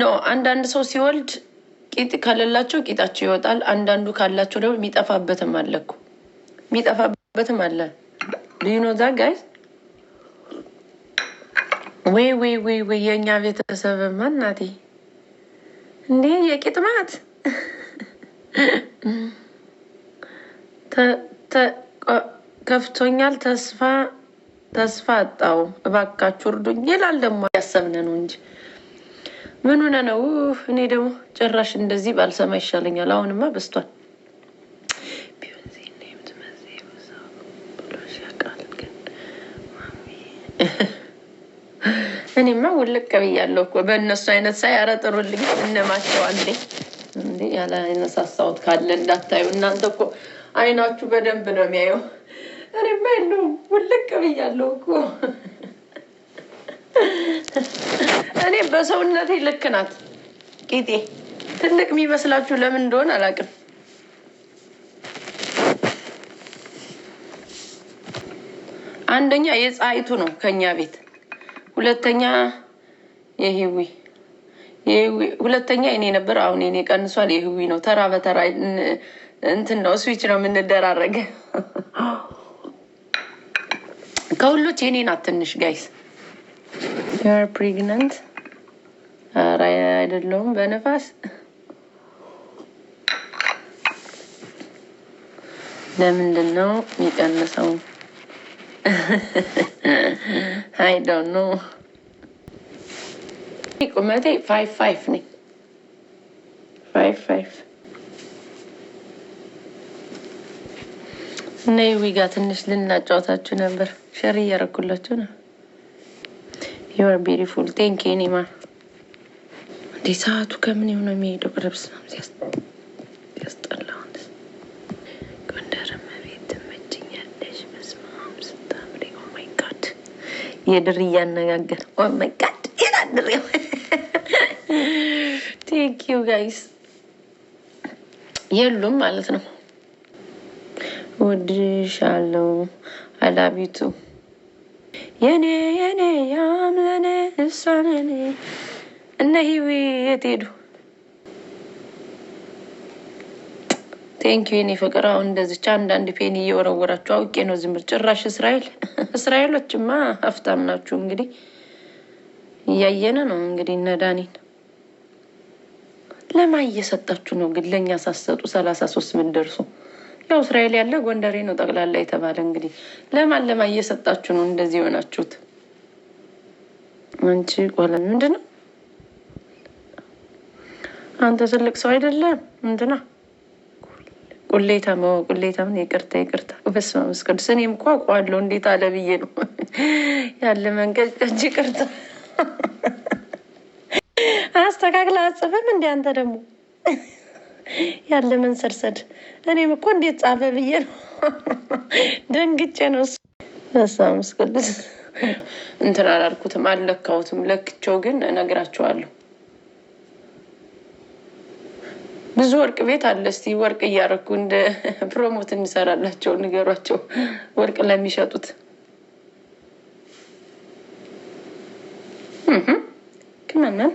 ኖ አንዳንድ ሰው ሲወልድ ቂጥ ከሌላቸው ቂጣቸው ይወጣል። አንዳንዱ ካላቸው ደግሞ የሚጠፋበትም አለ እኮ የሚጠፋበትም አለ። ዲኖ ዛ ጋይ ወይ ወይ ወይ ወይ የእኛ ቤተሰብ እናቴ እንዴ የቂጥ ማት ከፍቶኛል። ተስፋ ተስፋ አጣው። እባካችሁ እርዱኝ ይላል ደግሞ ያሰብነ ነው እንጂ ምን ሆነ ነው? እኔ ደግሞ ጭራሽ እንደዚህ ባልሰማ ይሻለኛል። አሁንማ በስቷል። እኔማ ውልቅ ብያለሁ እኮ በእነሱ አይነት ሳይ። ኧረ ጥሩልኝ እነማቸው ያለ አይነሳሳሁት ካለ እንዳታዩ እናንተ እኮ አይናችሁ በደንብ ነው የሚያየው። እኔማ የለውም ውልቅ ብያለሁ እኮ እኔ በሰውነቴ ልክ ናት። ቂጤ ትልቅ የሚመስላችሁ ለምን እንደሆነ አላውቅም። አንደኛ የፀሐይቱ ነው ከኛ ቤት፣ ሁለተኛ የህዊ ሁለተኛ እኔ ነበር። አሁን እኔ ቀንሷል። የህዊ ነው። ተራ በተራ እንትን ነው ስዊች ነው የምንደራረገ። ከሁሎች የኔ ናት ትንሽ ጋይስ ፕሬግናንት ኧረ አይደለሁም በነፋስ ለምንድን ነው የሚቀንሰው? አይ ዶንት ኖ። ቁመቴ ፋይቭ ፋይቭ ነኝ። ፋይቭ ፋይቭ እና ዊጋ ትንሽ ልናጫወታችሁ ነበር። ሸር እያረኩላችሁ ነው። ዩአር ቢዩቲፉል ቴንክ ዩ ኒማ እንዴ ሰዓቱ ከምን የሆነ የሚሄደው ቅርብ ነው ያስጠላውን ጎንደርም ቤት ትመችኛለሽ። መስማም ስታምሪ ኦማይጋድ የድር እያነጋገር ኦማይጋድ ይላል ድር። ቴንክ ዩ ጋይስ የሉም ማለት ነው። ወድሻለው አላቢቱ የኔ የኔ ያምለኔ እሷ ነኔ እነ ሂዊ የት ሄዱ? ቴንኪዩ የኔ ፍቅር። አሁን እንደዚች አንዳንድ ፔን እየወረወራችሁ አውቄ ነው ዝምር። ጭራሽ እስራኤል እስራኤሎችማ ሀብታም ናችሁ። እንግዲህ እያየነ ነው እንግዲህ እነ ዳኒን እየሰጣችሁ ነው ግን? ለእኛ ሳሰጡ ሰላሳ ሶስት ምን ደርሱ? ያው እስራኤል ያለ ጎንደሬ ነው ጠቅላላ የተባለ እንግዲህ ለማን ለማ እየሰጣችሁ ነው እንደዚህ የሆናችሁት? አንቺ ቆለ ምንድን ነው አንተ ትልቅ ሰው አይደለም እንትና ቁሌታም ቁሌታም ይቅርታ ይቅርታ። በስመ አብ ወመንፈስ ቅዱስ እኔም እኮ እንዴት አለ ብዬ ነው ያለ መንገድ ቀጅ ይቅርታ አስተካክለ አጽፍም እንዲ አንተ ደግሞ ያለ መንሰድሰድ እኔም እኮ እንዴት ጻፈ ብዬ ነው ደንግጬ ነው። በስመ አብ ወመንፈስ ቅዱስ እንትን አላልኩትም አልለካሁትም። ለክቸው ግን እነግራቸዋለሁ ብዙ ወርቅ ቤት አለ። እስኪ ወርቅ እያደረኩ እንደ ፕሮሞት እንሰራላቸው ንገሯቸው፣ ወርቅ ለሚሸጡት ክመናል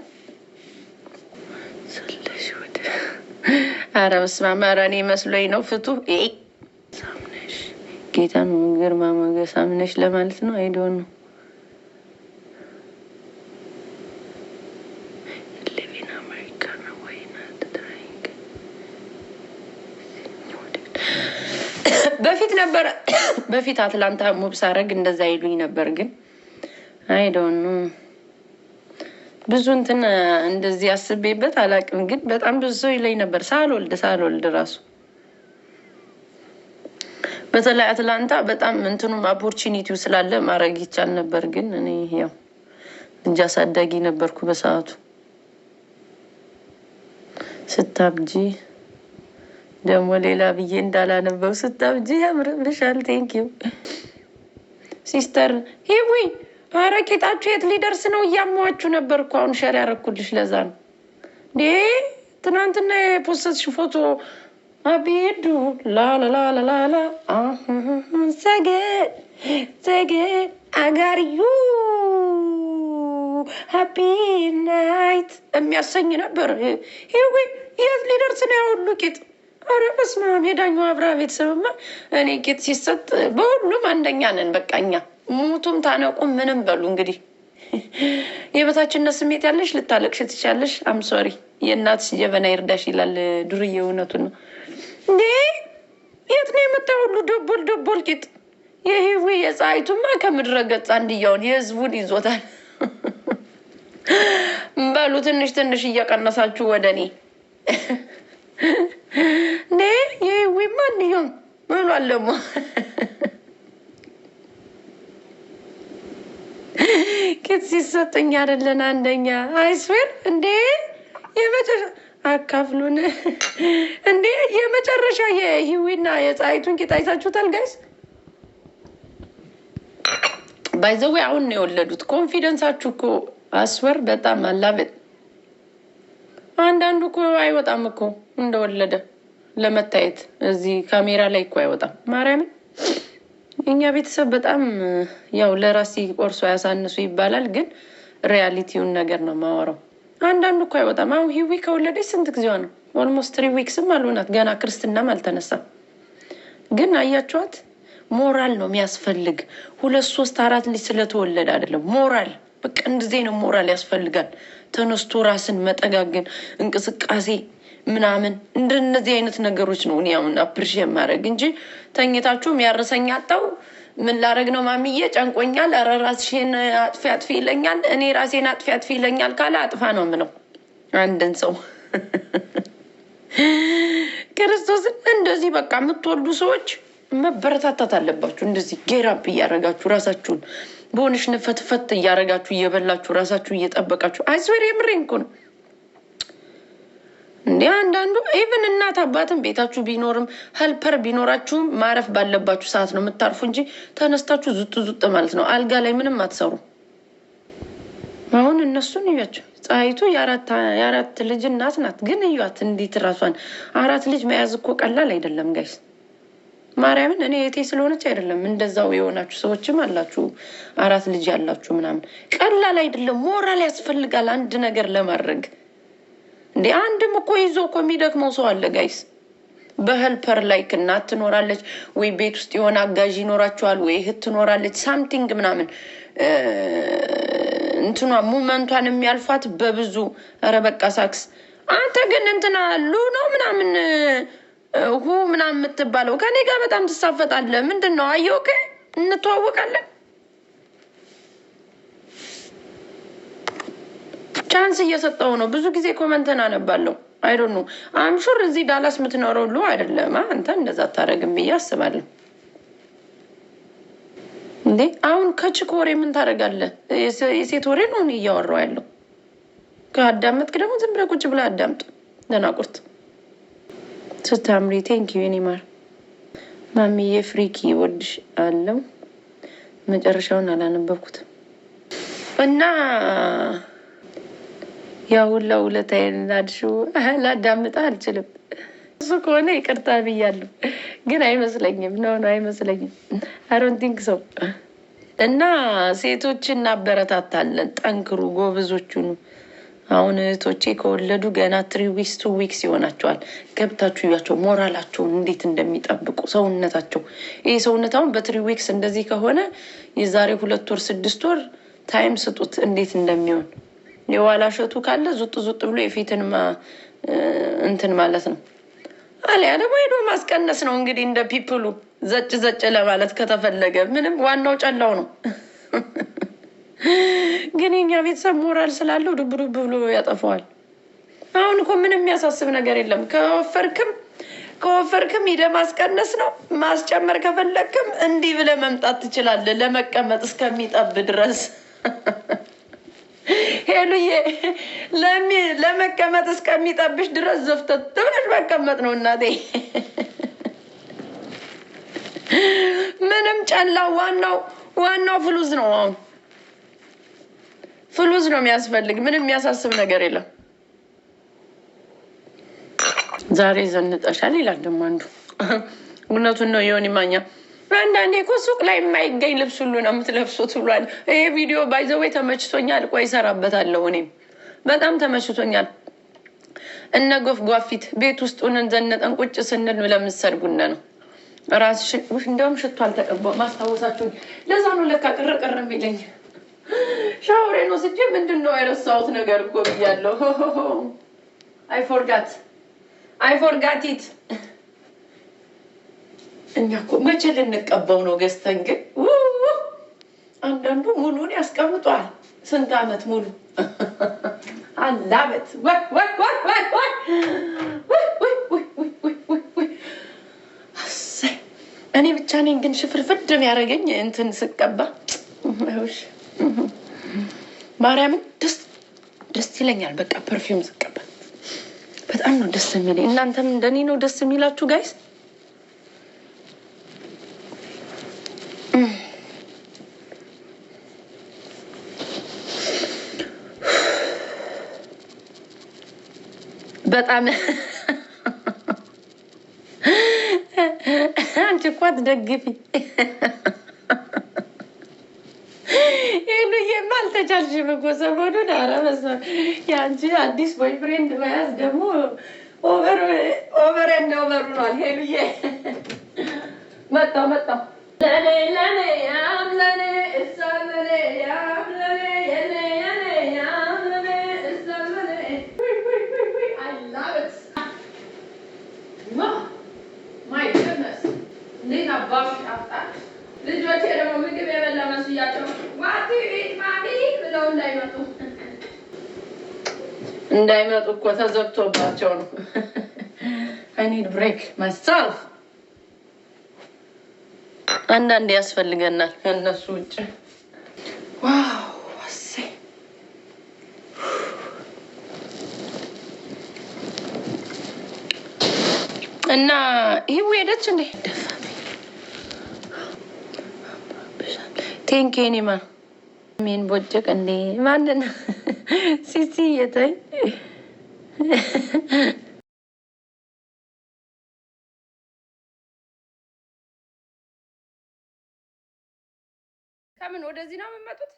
አረ በስመ አብ እኔ መስሎኝ ነው ፍቱ ጌታን ግርማ ሞገስ ሳምነሽ ለማለት ነው አይደሆን ነው ነበረ በፊት አትላንታ ሙብ ሳረግ እንደዛ ይሉኝ ነበር። ግን አይደኑ ብዙ እንትን እንደዚህ አስቤበት አላቅም። ግን በጣም ብዙ ሰው ይለኝ ነበር ሳልወልድ ሳልወልድ ራሱ በተለይ አትላንታ በጣም እንትኑም ኦፖርቹኒቲው ስላለ ማድረግ ይቻል ነበር። ግን እኔ ያው ልጅ አሳዳጊ ነበርኩ በሰዓቱ ስታብጂ ደግሞ ሌላ ብዬ እንዳላነበው ስታብጂ ያምርብሻል። ቴንኪዩ ሲስተር ሂዊ። ኧረ ጌጣችሁ የት ሊደርስ ነው? እያማዋችሁ ነበር እኮ አሁን ሸር ያረኩልሽ። ለዛ ነው እንዴ ትናንትና የፖሰትሽ ፎቶ አቤዱ ላላላላላ ሰገድ ሰገድ አጋርዩ ሀፒ ናይት የሚያሰኝ ነበር። ሂዊ የት ሊደርስ ነው ያሁሉ ጌጥ? አረ በስመ አብ የዳኛው አብርሃ ቤተሰብማ እኔ ጌት ሲሰጥ በሁሉም አንደኛ ነን። በቃ እኛ ሙቱም ታነቁም ምንም በሉ እንግዲህ የበታችነት ስሜት ያለሽ ልታለቅሽ ትችያለሽ። አምሶሪ የእናትሽ ጀበና ይርዳሽ ይላል ዱርዬ። እውነቱን ነው እንዴ? የት ነው የመጣ ሁሉ ዶቦል ዶቦል ቂጥ የህዊ የፀሐይቱማ ከምድረ ገጽ አንድያውን የህዝቡን ይዞታል። በሉ ትንሽ ትንሽ እየቀነሳችሁ ወደ እኔ እንዴ ይህዊ ማንኛውም ብሏል ደግሞ ኬት ሲሰጠኝ አይደለን አንደኛ አይስዌር እንዴ የመጨረሻ አካፍሉን እንዴ የመጨረሻ የህዊና የፀሐይቱን ጌጥ አይታችሁታል ጋይስ? ባይዘዌ አሁን ነው የወለዱት። ኮንፊደንሳችሁ እኮ አስወር በጣም አላበት። አንዳንዱ እኮ አይወጣም እኮ እንደወለደ ለመታየት እዚህ ካሜራ ላይ እኮ አይወጣም። ማርያምን እኛ ቤተሰብ በጣም ያው ለራሲ ቆርሶ ያሳንሱ ይባላል፣ ግን ሪያሊቲውን ነገር ነው ማወራው። አንዳንዱ እኮ አይወጣም። አሁን ሂዊ ከወለደች ስንት ጊዜዋ ነው? ኦልሞስት ትሪ ዊክስም አልሆናት ገና ክርስትናም አልተነሳም። ግን አያችኋት፣ ሞራል ነው የሚያስፈልግ። ሁለት ሶስት አራት ልጅ ስለተወለደ አይደለም ሞራል በቃ እንደዚህ ነው ሞራል ያስፈልጋል። ተነስቶ ራስን መጠጋገን እንቅስቃሴ ምናምን እንደነዚህ አይነት ነገሮች ነው እኔ አሁን አፕሪሽ የማድረግ እንጂ ተኝታችሁም ያረሰኝ አጣው ምን ላረግ ነው ማሚዬ ጨንቆኛል፣ ኧረ ራስሽን አጥፊ አጥፊ ይለኛል። እኔ ራሴን አጥፊ አጥፊ ይለኛል ካለ አጥፋ ነው ምነው አንድን ሰው ክርስቶስን እንደዚህ በቃ የምትወዱ ሰዎች መበረታታት አለባችሁ። እንደዚህ ጌራፕ እያረጋችሁ ራሳችሁን በሆነሽ ንፈትፈት እያረጋችሁ እየበላችሁ ራሳችሁ እየጠበቃችሁ አይስበር የምሬን እኮ ነው። እንዲህ አንዳንዱ ኢቨን እናት አባትም ቤታችሁ ቢኖርም ሀልፐር ቢኖራችሁም ማረፍ ባለባችሁ ሰዓት ነው የምታርፉ እንጂ ተነስታችሁ ዙጥ ዙጥ ማለት ነው። አልጋ ላይ ምንም አትሰሩ። አሁን እነሱን እያቸው ፀሐይቱ የአራት ልጅ እናት ናት፣ ግን እያት እንዴት ራሷን አራት ልጅ መያዝ እኮ ቀላል አይደለም ጋይስ። ማርያምን እኔ የቴ ስለሆነች አይደለም እንደዛው የሆናችሁ ሰዎችም አላችሁ፣ አራት ልጅ ያላችሁ ምናምን ቀላል አይደለም። ሞራል ያስፈልጋል አንድ ነገር ለማድረግ እንዲ አንድም እኮ ይዞ እኮ የሚደክመው ሰው አለ ጋይስ። በህልፐር ላይክ እናት ትኖራለች ወይ ቤት ውስጥ የሆነ አጋዥ ይኖራቸዋል ወይ እህት ትኖራለች ሳምቲንግ ምናምን እንትኗ ሙመንቷን የሚያልፋት በብዙ ኧረ በቃ ሳክስ አንተ ግን እንትና ሉ ነው ምናምን ሁ ምናምን የምትባለው ከኔ ጋር በጣም ትሳፈጣለህ። ምንድን ነው አየው? እንተዋወቃለን ቻንስ እየሰጠው ነው። ብዙ ጊዜ ኮመንተን አነባለሁ። አይዶ አምሹር እዚህ ዳላስ የምትኖረው ሁሉ አይደለም። አንተ እንደዛ አታደርግም ብዬ አስባለሁ። እንዴ አሁን ከችክ ወሬ ምን ታደርጋለህ? የሴት ወሬ ነው እያወራው ያለው። ከአዳመጥክ ደግሞ ዝም ብለህ ቁጭ ብለህ አዳምጥ። ደናቁርት ስታምሪ ቴንክ ዩ ኔማር ማሚዬ ፍሪኪ ወድሽ አለው። መጨረሻውን አላነበብኩትም እና ያ ሁላ ውለታዬን ናድሽው አልችልም። እሱ ከሆነ ይቅርታ ብያለሁ፣ ግን አይመስለኝም። ኖ ኖ አይመስለኝም። አሮን ቲንክ ሰው እና ሴቶች እናበረታታለን። ጠንክሩ፣ ጎበዞቹ አሁን እህቶቼ ከወለዱ ገና ትሪ ዊክስ ቱ ዊክስ ይሆናቸዋል። ገብታችሁ እያቸው ሞራላቸውን እንዴት እንደሚጠብቁ ሰውነታቸው። ይህ ሰውነት አሁን በትሪ ዊክስ እንደዚህ ከሆነ የዛሬ ሁለት ወር ስድስት ወር ታይም ስጡት እንዴት እንደሚሆን የዋላ እሸቱ ካለ ዙጥ ዙጥ ብሎ የፊትን እንትን ማለት ነው። አሊያ ደግሞ ሄዶ ማስቀነስ ነው እንግዲህ እንደ ፒፕሉ ዘጭ ዘጭ ለማለት ከተፈለገ ምንም ዋናው ጨላው ነው። ግን የኛ ቤተሰብ ሞራል ስላለው ዱብ ዱብ ብሎ ያጠፈዋል። አሁን እኮ ምንም የሚያሳስብ ነገር የለም። ከወፈርክም ከወፈርክም ሂደህ ማስቀነስ ነው። ማስጨመር ከፈለግክም እንዲህ ብለህ መምጣት ትችላለህ፣ ለመቀመጥ እስከሚጠብ ድረስ ሄሉዬ ለመቀመጥ እስከሚጠብሽ ድረስ ዘፍተት ብለሽ መቀመጥ ነው እናቴ። ምንም ጨላ ዋናው ዋናው ፍሉዝ ነው። አሁን ፍሉዝ ነው የሚያስፈልግ። ምንም የሚያሳስብ ነገር የለም። ዛሬ ዘንጠሻል ይላል ደግሞ አንዱ። እውነቱን ነው የሆን ይማኛ በአንዳንዴ እኮ ሱቅ ላይ የማይገኝ ልብስ ሁሉ ነው የምትለብሱት ብሏል። ይሄ ቪዲዮ ባይዘዌ ተመችቶኛል። ቆይ እሰራበታለሁ። እኔም በጣም ተመችቶኛል። እነ ጎፍ ጓፊት ቤት ውስጥ ሆነን ዘነጠን ቁጭ ስንል ለምትሰርጉነ ነው ራስሽን እንደውም ሽቶ አልተቀባው ማስታወሳችሁኝ። ለዛ ነው ለካ ቅርቅር የሚለኝ ሻወሬን ወስጄ ምንድን ነው የረሳሁት ነገር እኮ ብያለሁ። አይፎርጋት አይፎርጋቲት እኛ እኮ መቼ ልንቀባው ነው ገዝተን ግን አንዳንዱ ሙሉን ያስቀምጧል። ስንት አመት ሙሉ አንድ አመት እኔ ብቻ ነኝ ግን ሽፍርፍድ ያደረገኝ እንትን ስቀባ ማርያምን ደስ ደስ ይለኛል። በቃ ፐርፊውም ስቀባ በጣም ነው ደስ የሚለኝ። እናንተም እንደኔ ነው ደስ የሚላችሁ ጋይስ? በጣም አንቺ እኮ አትደግፊ ይህሉዬማ አልተቻልሽም እኮ ሰሞኑን። ኧረ በስመ አብ የአንቺ አዲስ ቦይፍሬንድ መያዝ ደግሞ ኦቨር እንደ ኦቨር ሆኗል። ሄሉዬ መጣሁ መጣሁ እንዴት አባሽ አጣች። ልጆቼ ደግሞ ምግብ የበላ መስያቸው ዋቲ ቤት ማሚ ብለው እንዳይመጡ እንዳይመጡ እኮ ተዘግቶባቸው ነው። አይ ብሬክ ማይሰልፍ አንዳንድ ያስፈልገናል ከእነሱ ውጭ። ዋው እና ይህ ሄደች እንዴ ማ ሜን ቦጭቅ እንዴ ማንን ሲሲ እየታይ ከምን ወደዚህ ነው የምመጡት?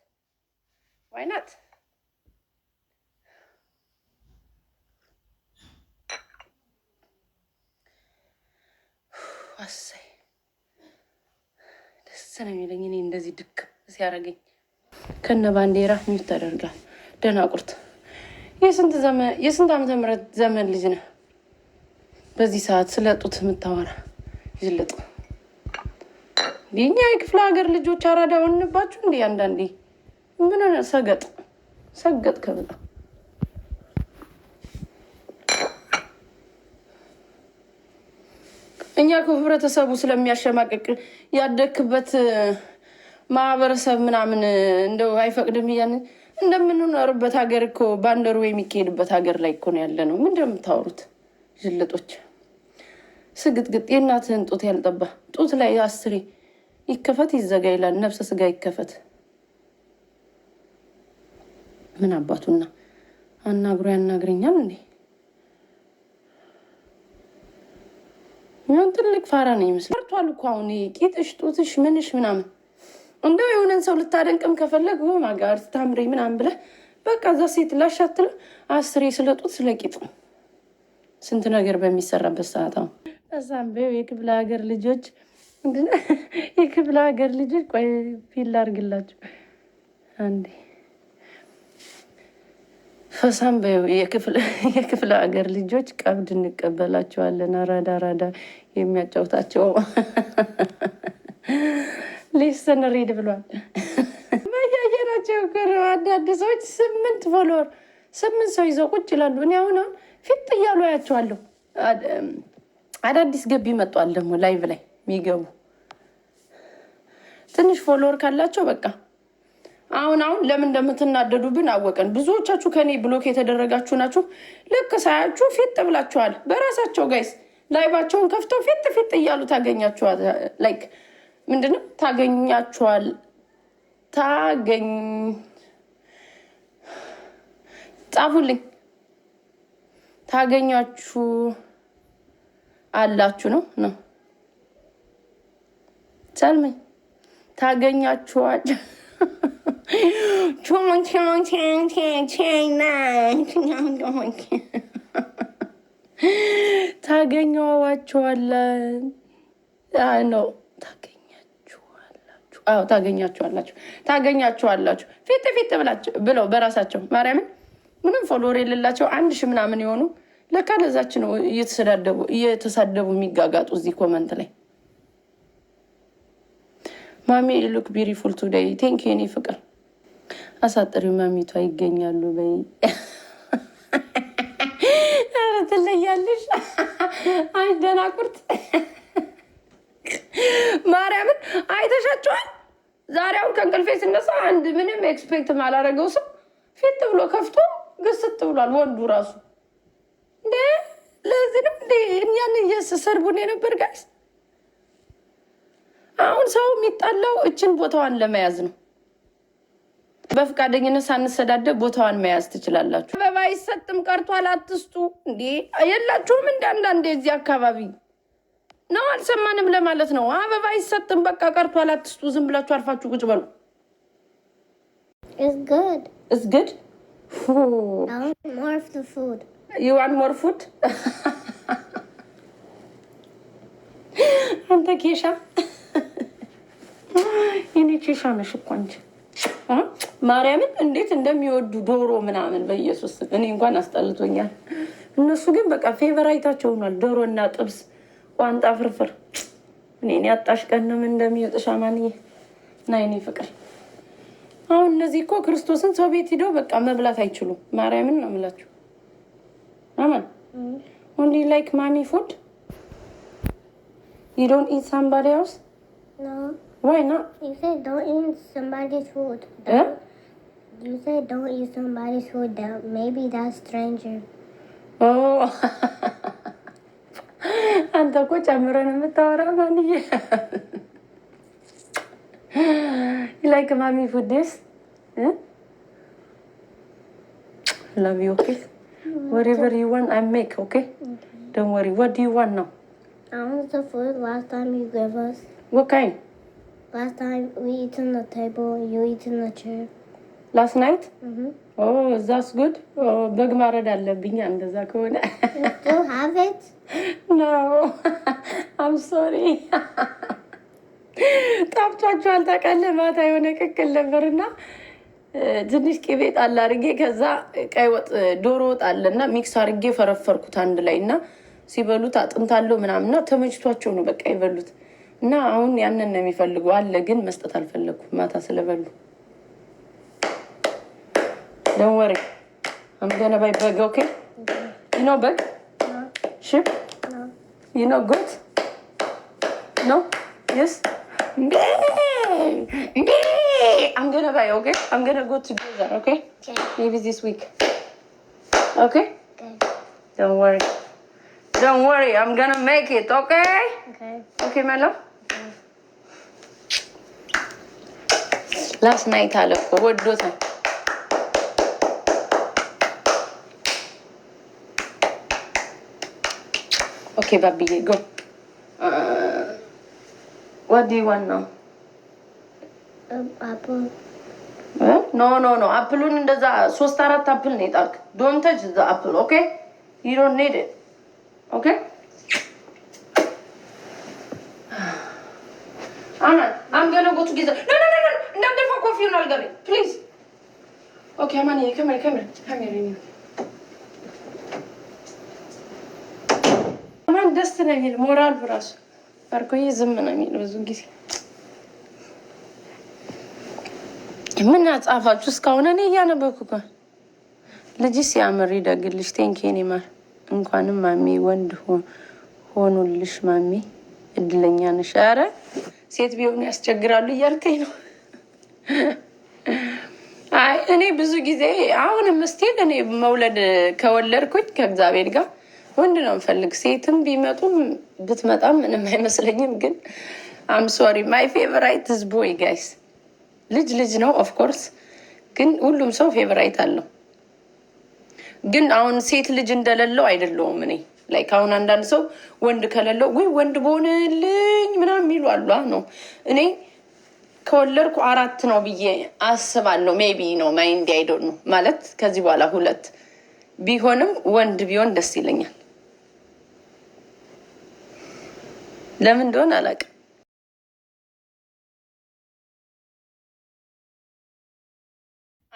ዋይናት አሰይ ደስ ነው የሚለኝ እኔ እንደዚህ ድክ ሲያደርገኝ ከነ ባንዴራ ሚት ታደርጋል። ደናቁርት የስንት ዓመተ ምህረት ዘመን ልጅ ነህ? በዚህ ሰዓት ስለጡት የምታወራ ይልጥ የኛ የክፍለ ሀገር ልጆች አራዳ ሆንባችሁ እንዴ? አንዳንዴ ምን ሰገጥ ሰገጥ ከብላ እኛ ከህብረተሰቡ ስለሚያሸማቅቅ ያደክበት ማህበረሰብ ምናምን እንደው አይፈቅድም እያን እንደምንኖርበት ሀገር እኮ ባንደሩ የሚካሄድበት ሀገር ላይ እኮ ነው ያለ ነው። ምን እንደምታወሩት ዥልጦች ስግጥግጥ የእናትህን ጡት ያልጠባ ጡት ላይ አስሬ ይከፈት ይዘጋ ይላል። ነፍሰ ስጋ ይከፈት ምን አባቱና አናግሮ ያናግረኛል እንዴ? ምን ትልቅ ፋራ ነው ይመስል ርቷል እኮ አሁን ቂጥሽ፣ ጡትሽ፣ ምንሽ ምናምን እንደው የሆነን ሰው ልታደንቅም ከፈለግ ማጋር ታምሪ ምናምን ብለ በቃ እዛ ሴት ላሻትል አስሬ ስለጡት ጡት ስለ ቂጥ ስንት ነገር በሚሰራበት ሰዓት አሁን እዛም የክፍለ ሀገር ልጆች የክፍለ ሀገር ልጆች ቆይ ፊል አርግላቸው አንዴ ፈሳም የክፍለ ሀገር ልጆች ቀብድ እንቀበላቸዋለን። አራዳ አራዳ የሚያጫውታቸው ሊስን ሪድ ብሏል። መያየናቸው አንዳንድ ሰዎች ስምንት ፎሎወር ስምንት ሰው ይዘው ቁጭ ይላሉ። እኔ አሁን አሁን ፊት እያሉ አያቸዋለሁ። አዳዲስ ገቢ መጧል ደግሞ ላይቭ ላይ የሚገቡ ትንሽ ፎሎወር ካላቸው በቃ አሁን አሁን ለምን እንደምትናደዱብን አወቀን። ብዙዎቻችሁ ከኔ ብሎክ የተደረጋችሁ ናችሁ። ልክ ሳያችሁ ፊጥ ብላችኋል። በራሳቸው ጋይስ ላይባቸውን ከፍተው ፊጥ ፊጥ እያሉ ታገኛችኋል። ላይክ ምንድነው ታገኛችኋል ታገኝ ጻፉልኝ ታገኛችሁ አላችሁ ነው ነው ሰልመኝ ታገኛችኋል 冲冲锵锵锵呐！ታገኘዋቸዋለን ነው ታገኛችኋላችሁ። ታገኛችኋላችሁ፣ ታገኛችኋላችሁ ፊት ፊት ብላችሁ ብለው በራሳቸው ማርያምን ምንም ፎሎወር የሌላቸው አንድ ሺህ ምናምን የሆኑ ለካ ለዛች ነው እየተሳደቡ የሚጋጋጡ እዚህ ኮመንት ላይ ማሚ ሉክ ቢሪፉል ቱዴይ ቴንክ ኔ ፍቅር አሳጥሪ መሚቷ ይገኛሉ። በይ ኧረ ትለያለሽ። አይ ደናቁርት ማርያምን አይተሻቸዋል። ዛሬ አሁን ከእንቅልፌ ስነሳ አንድ ምንም ኤክስፔክት ማላረገው ሰው ፊት ብሎ ከፍቶ ግስት ብሏል። ወንዱ ራሱ እንደ ለዚህንም እንደ እኛን እየሰርቡን የነበር ጋይስ። አሁን ሰው የሚጣላው እችን ቦታዋን ለመያዝ ነው። በፍቃደኝነት ሳንሰዳደብ ቦታዋን መያዝ ትችላላችሁ። አበባ አይሰጥም ቀርቷል። አትስጡ እንዴ! የላችሁም እንዳንዳንዴ እዚህ አካባቢ ነው። አልሰማንም ለማለት ነው። አበባ አይሰጥም በቃ ቀርቷል። አትስጡ። ዝም ብላችሁ አልፋችሁ ቁጭ በሉ። እስግድ ይዋን ሞር ፉድ አንተ ኬሻ የኔ ኬሻ ነሽ እኮ ማርያምን እንዴት እንደሚወዱ ዶሮ ምናምን በኢየሱስ እኔ እንኳን አስጠልቶኛል። እነሱ ግን በቃ ፌቨራይታቸው ሆኗል ዶሮ እና ጥብስ፣ ቋንጣ ፍርፍር። እኔ አጣሽ ቀንም እንደሚወጥሽ አማንዬ ና የኔ ፍቅር። አሁን እነዚህ እኮ ክርስቶስን ሰው ቤት ሂደው በቃ መብላት አይችሉም። ማርያምን ነው የምላችሁ። አማን ኦንሊ ላይክ ማሚ ፉድ ዩ ዶንት ኢት ሳምባዲ ሃውስ Why not? You said don't eat somebody's food. yeah? You said don't eat somebody's food. That maybe that's stranger. Oh. 안 덥고 잠으로는 떨어가니. You like mommy for this? Huh? Eh? Love you, okay? Mm, Whatever you want, I make, okay? okay? Don't worry. What do you want now? I want the food last time you gave us. What kind? Last time we eat on the table, you eat in the chair. ላስት ናይት ዛስ ጉድ በግ ማረድ አለብኛ። እንደዛ ከሆነ ኖ አም ሶሪ ጣፍቷችኋል። ታውቃለህ ማታ የሆነ ቅቅል ነበርና ትንሽ ቅቤ ጣል አድርጌ ከዛ ቀይ ወጥ ዶሮ ወጥ አለና ሚክስ አድርጌ ፈረፈርኩት አንድ ላይ እና ሲበሉት አጥንታለሁ ምናምንና ተመችቷቸው ነው በቃ የበሉት። እና አሁን ያንን ነው የሚፈልጉ አለ ግን መስጠት አልፈለግኩ ማታ ስለበሉ ደንወሪ አምገነ ባይ በግ ኦኬ ይኖ በግ ሽፕ ይኖ ጎት ኖ ስ አምገነ ባይ ኦኬ አምገነ ጎት ቱጌዘር ኦኬ ሜቢ ዚስ ዊክ ኦኬ ደንወሪ ደንወሪ አምገነ ሜክ gonna ኦኬ it, okay? ላስ ናይት አለ እኮ ወዶታል። ኦኬ ባብዬ ጎ ዋዲ ዋናው ኖ ኖ ኖ አፕሉን እንደዛ ሶስት አራት አፕል ነው የጣልክ። ዶንት ተች ዘ አፕል ኦኬ ዩ ዶንት ኒድ ኢት ኦኬ አና አም ገና ጎቱ ጊዜ ንገረኝ ፕሊዝ። ኦኬ አማንዬ ከምር ከምር ከምር አማን ደስ ነው የሚል ሞራል ብራሱ አርጎዬ ዝም ነው የሚል ብዙ ጊዜ ምን አጻፋችሁ እስካሁን? እኔ እያነበኩ እኮ ልጅ ሲያምር ይደግልሽ። ቴንኬ ኔ እንኳንም ማሚ ወንድ ሆኑልሽ ማሚ እድለኛ ነሽ። ኧረ ሴት ቢሆኑ ያስቸግራሉ እያልከኝ ነው። አይ እኔ ብዙ ጊዜ አሁን ምስቴል እኔ መውለድ ከወለድኩኝ ከእግዚአብሔር ጋር ወንድ ነው ምፈልግ። ሴትም ቢመጡም ብትመጣም ምንም አይመስለኝም። ግን አም ሶሪ ማይ ፌቨራይት ዝ ቦይ ጋይስ። ልጅ ልጅ ነው ኦፍኮርስ፣ ግን ሁሉም ሰው ፌቨራይት አለው። ግን አሁን ሴት ልጅ እንደሌለው አይደለውም። እኔ ላይክ አሁን አንዳንድ ሰው ወንድ ከሌለው ወይ ወንድ በሆንልኝ ምናምን የሚሉ አሉ ነው እኔ ከወለድኩ አራት ነው ብዬ አስባለሁ። ሜቢ ነው ማይንዲ አይዶን ነው ማለት ከዚህ በኋላ ሁለት ቢሆንም ወንድ ቢሆን ደስ ይለኛል። ለምን እንደሆነ አላውቅም።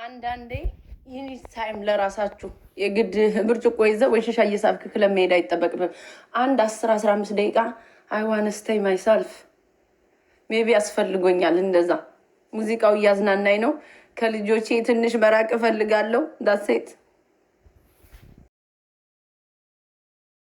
አንዳንዴ ይህ ታይም ለራሳችሁ የግድ ብርጭቆ ይዘ ወይ ሸሻ እየሳብክ ክለብ መሄድ አይጠበቅብም። አንድ አስር አስራ አምስት ደቂቃ አይዋነስተይ ማይሰልፍ ሜቢ ያስፈልጎኛል። እንደዛ ሙዚቃው እያዝናናኝ ነው። ከልጆቼ ትንሽ መራቅ እፈልጋለሁ። ዳሴት